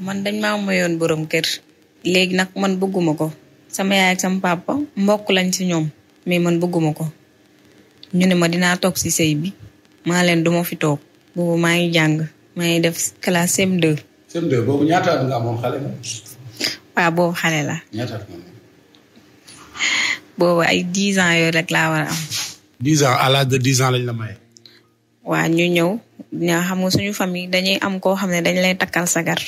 man dañ maa mayoon borom kër léegi nag man bëgguma ko sama yaay ak sama papa mbokk lañ si ñoom mais man bëgguma ko ñu ne ma dinaa toog ci sëy bi maa leen duma fi toog boobu maa ngi jàng maa ngi def classe CM2. CM2 boobu ñaata ay dix ans yooyu rek laa war a am. dix ans à l'âge la maye. waa ñu ñëw ñaa xam nga suñu famille dañuy am koo xam ne dañ lay takkal sagar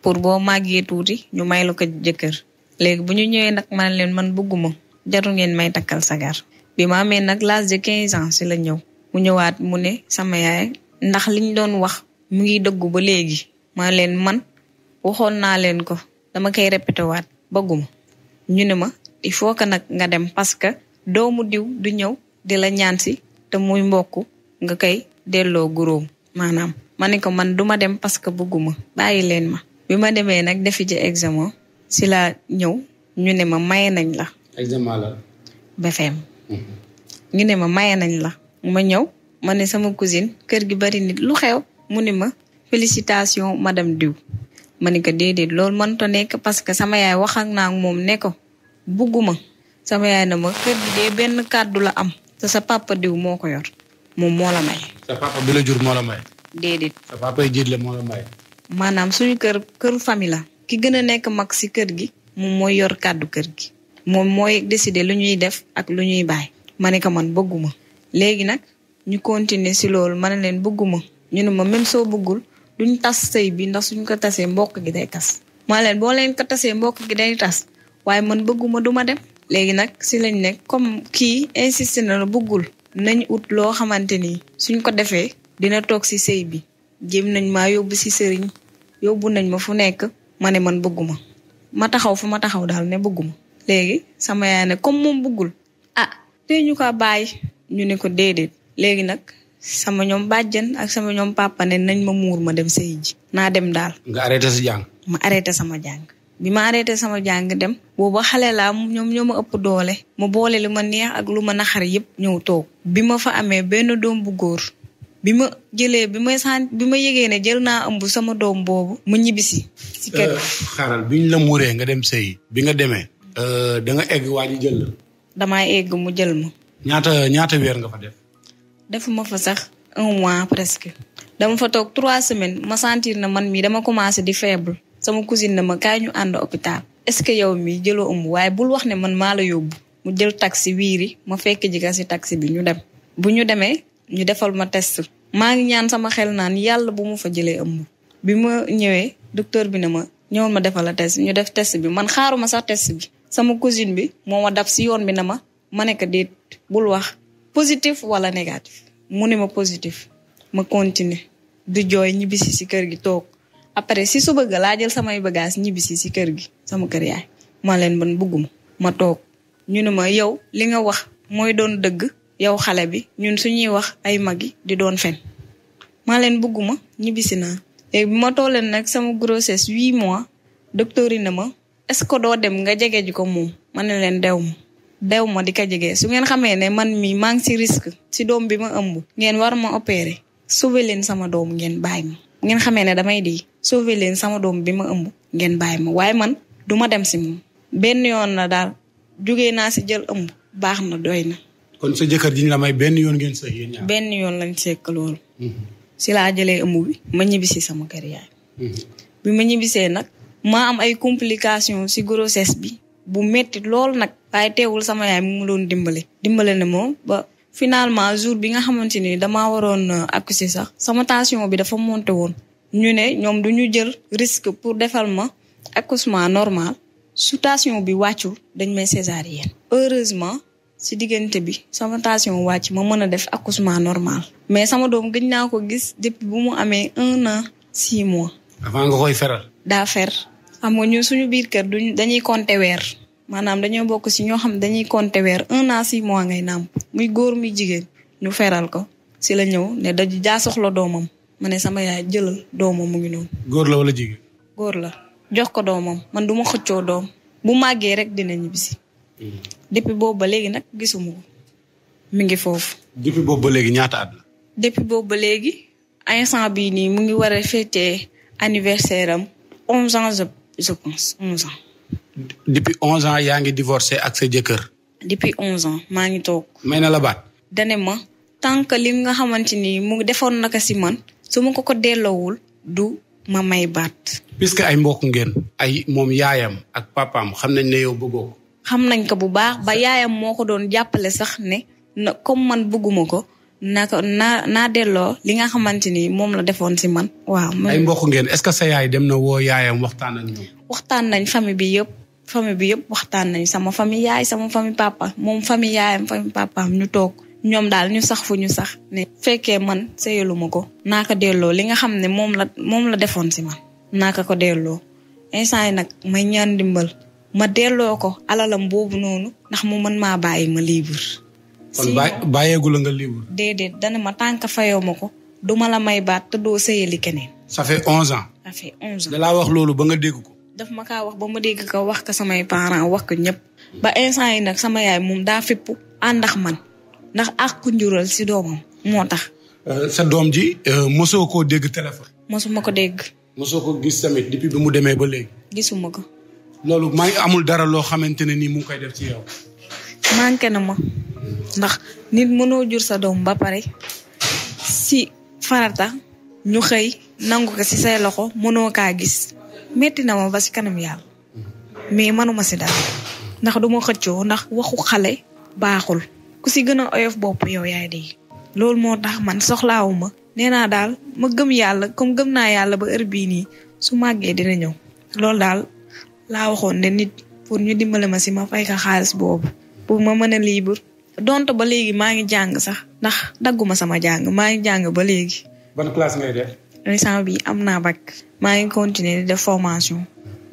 pour boo màggee tuuti ñu may la ko jëkkër léegi bu ñu ñëwee nag man leen man bëgguma jaru ngeen may takkal sagar bi ma amee nag l'âge de quinze ans si la ñëw mu ñëwaat mu ne sama yaay ndax liñ doon wax mu ngi dëggu ba léegi ma leen man waxoon naa leen ko dama koy répété waat bëgguma ñu ne ma il faut que nag nga dem parce que doomu diw du ñëw di la ñaan si te muy mbokk nga koy delloo guróom maanaam ma ne ko man duma dem parce que bëgguma bàyyi leen ma bi ma demee nag defi ji examen si laa ñëw ñu ne ma maye nañ la. examen mhm. ñu ne ma maye nañ la. ma ñëw ma ne sama cousine kër gi bari nit lu xew mu ne ma ma dem Diw. ma ne ko déedéet loolu mënta nekk parce que sama yaay wax naa moom ne ko bugguma sama yaay na ma kër gi dee benn kàddu la am. te sa papa Diw moo ko yor. moom moo la may. sa papa bi la jur moo la may. déedéet. maanaam suñu kër këru famille la ki gën a nekk mag si kër gi moom mooy yor kàddu kër gi moom mooy décider lu ñuy def ak lu ñuy bàyyi ma ne ko man bëgguma léegi nag ñu continuer si loolu ma ne leen bëgguma ñu ne ma même soo bëggul duñ tas sëy bi ndax suñ ko tasee mbokk gi day tas ma leen boo leen ko tasee mbokk gi day tas waaye man bëgguma du ma dem léegi nag si lañ nekk comme kii insisté na la bëggul nañu ut loo xamante ni suñ ko defee dina toog si sëy bi jéem nañ maa yóbbu si sëriñ yóbbu nañ ma fu nekk ma ne man bëgguma ma taxaw fu ma taxaw daal ne bëgguma léegi sama yaay ne comme moom buggul ah tey ñu ko bàyyi ñu ne ko déedéet léegi nag sama ñoom bàjjen ak sama ñoom papa ne nañ ma muur ma dem sëy ji naa dem daal. nga arrêté sa jàng. ma arrêté sama jàng bi ma arrêté sama jàng dem booba xale laa ñoom ñoo ma ëpp doole ma boole lu ma neex ak lu ma naxar yëpp ñëw toog bi ma fa amee benn doom bu góor. bi ma jëlee bi ma sant bi ma yëgee ne jël naa ëmb sama doom boobu ma ñibbisi si kër euh, bi ñu la muuree nga dem sëy bi nga demee euh, da nga egg waa ji jël la damaa egg mu jël ma ñaata ñaata weer nga fa def ma fa sax un mois presque dama fa toog trois semaines ma sentir na man mii dama commencé di faible sama cousine na ma kaay ñu ànd hôpital est-ce que yow mii jëloo ëmb waaye bul wax ne man maa la yóbbu mu jël taxi wiiri ma fekk jika si taxi bi ñu dem bu ñu demee ñu defal ma test maa ngi ñaan sama xel naan yàlla bu mu fa jëlee ëmb bi ma ñëwee docteur bi ne ma ñëwal ma defal la test ñu def test bi man xaaruma sax test bi sama cousine bi moo ma dab si yoon bi ne ma ma nekk déet bul wax positif wala négatif mu ne ma positif ma continue, du jooy ñibbisi si kër gi toog après si su bëgg laa jël samay bagage ñibbisi si kër gi sama kër yaay ma leen man bugguma ma toog ñu ne ma yow li nga wax mooy doon dëgg yow xale bi ñun suñuy wax ay mag yi di doon fen maa leen bëgguma ñibbisi naa léegi bi ma tolleen nag sama grossesse huit mois docteur yi na ma est-ce que doo dem nga jege ji ko moom ma ne leen deew ma dew ma di ko jege su ngeen xamee ne man mii maa si risque si doom bi ma ëmb ngeen war ma opérer sauver leen sama doom ngeen bàyyi ma ngeen xamee ne damay di sauver leen sama doom bi ma ëmb ngeen bàyyi ma waaye man du ma dem si moom benn yoon na daal jóge naa si jël ëmb baax na doy na kon sa jëkkër ji ñu la may benn yoon ngeen sëy benn yoon lañ sekk loolu. si laa jëlee ëmb bi ma ñibbisi sama kër mm-hmm. bi ma ñibbisee nag maa am ay complications si grossesse bi bu metti lool nag waaye teewul sama yaay mu doon dimbale. dimbale na moom ba finalement jour bi nga xamante ni damaa waroon euh, accoucher sax sama tension bi dafa monté woon. ñu ne ñoom duñu jël risque pour defal ma accosment normal su tension bi wàccul dañ may césarienne si diggante bi sama tension wàcc ma mën a def accouchement normal mais sama doom gëj naa ko gis depuis bu mu amee un an six mois. avant nga koy feral. daa fer xam nga ñun suñu biir kër duñ dañuy compter weer maanaam dañoo bokk si ñoo xam dañuy compter weer un an six mois ngay nàmp muy góor muy jigéen ñu feral ko si la ñëw ne da jaa soxla doomam ma ne sama yaay jëlal doomam mu ngi noonu. góor la wala jigéen. góor la jox ko doomam man du ma xëccoo doom bu màggee rek dina ñibbisi. depuis boobu ba léegi nag gisuma ko mi ngi foofu. depuis boobu ba léegi ñaata at la. depuis boobu ba léegi instant bii nii mu ngi war a fêter am onze ans je onze ans. depuis onze yaa ngi divorcé ak sa jëkkër. depuis onze ans maa ngi toog. may na baat. dane ma tant que lim nga xamante ni mu defoon naka si man suma ma ko ko delloowul du ma may baat. puisque ay mbokk ngeen. ay moom yaayam ak papaam xam nañ ne yow xam nañ ko bu baax ba yaayam moo ko doon jàppale sax ne na comme man bëgguma ko naa ko naa naa delloo li nga xamante ni moom la defoon si man. waaw ay mbokk ngeen est-ce que sa yaay dem na woo yaayam waxtaan ak ñoom. waxtaan nañ famille bi yëpp famille bi yëpp waxtaan nañ sama famille yaay sama famille papa moom famille yaayam famille papaam ñu toog. ñoom daal ñu sax fu ñu sax ne fekkee man sëyaluma ko naa delloo li nga xam ne moom la moom la defoon si man naa ko delloo instant yi nag may ñaan dimbal ma delloo ko alalam boobu noonu ndax mu mën maa bàyyi ma libre kon bàyyeegula nga libre déedéet dana ma tànk fayoo ma ko duma la may baat te doo sëyali keneen ça fait onze ans ça fait onze ans da laa wax loolu ba nga dégg ko daf ma kaa wax ba ma dégg ko wax ko samay parents wax ko ñëpp ba instant yi nag sama yaay moom daa fépp àndax man ndax ak njural si doomam moo tax euh, sa doom ji euh, mosoo koo dégg téléphone mosuma ko dégg mosoo ko gis tamit depuis bi mu demee ba léegi gisuma ko loolu maa ngi amul dara loo xamante ne nii mu ngi koy def ci yow. manqué na ma ndax nit mënoo jur sa doom ba pare si farata ñu xëy nangu ko si say loxo mënoo kaa gis metti na ma ba si kanam yàlla mais manuma si dara ndax du ma xëccoo ndax waxu xale baaxul ku si gën a oyof bopp yow yaay dee. loolu moo tax man soxlaawuma nee naa daal ma gëm yàlla comme gëm naa yàlla ba heure bii nii su màggee dina ñëw loolu daal. laa waxoon ne nit pour ñu dimbale ma si ma fay ka xaalis boobu pour ma mën a libre donte ba léegi maa ngi jàng sax ndax dagguma sama jàng maa ngi jàng ba léegi. ban bi am naa bac. maa ngi continuer def formation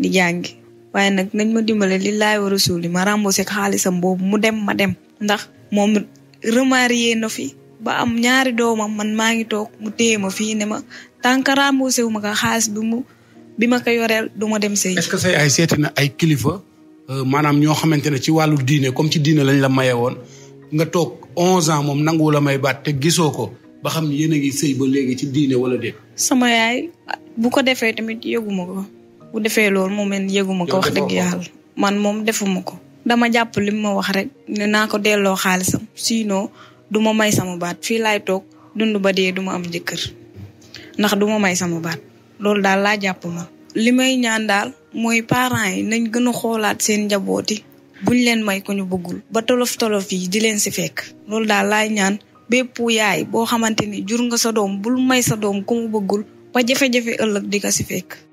di jàngi waaye nag nañ ma dimbale li laay war a suul ma remboursé xaalisam boobu mu dem ma dem. ndax moom remarié na fi ba am ñaari doomam man maa ngi toog mu téye ma fii ne ma tant que remboursé wu xaalis bi mu bi ma ko yoreel duma dem sëy. est que say ay seeti na ay kilifa euh, maanaam ñoo xamante ne ci wàllu diine comme ci diine lañ la maye woon nga toog onze ans moom nanguwu may baat gisoo ko ba xam yéen a ngi sëy ba léegi ci diine wala déet. sama yaay bu ko defee tamit yëguma ko bu defee loolu moom man yëguma ko wax dëgg yàlla man moom defuma ko. dama jàpp li ma wax rek ne naa ko delloo xaalisam siino du ma may sama baat fii laay toog dund ba dee du ma am jëkkër ndax du ma may sama baat. loolu daal laa jàpp ma li may ñaan daal mooy parents yi nañ gën a xoolaat seen njaboot yi buñ leen may ko ñu bëggul ba tolof tolof yi di leen si fekk loolu daal laay ñaan bépp yaay boo xamante ni jur nga sa doom bul may sa doom ku bëggul ba jafe-jafe ëllëg di nga si fekk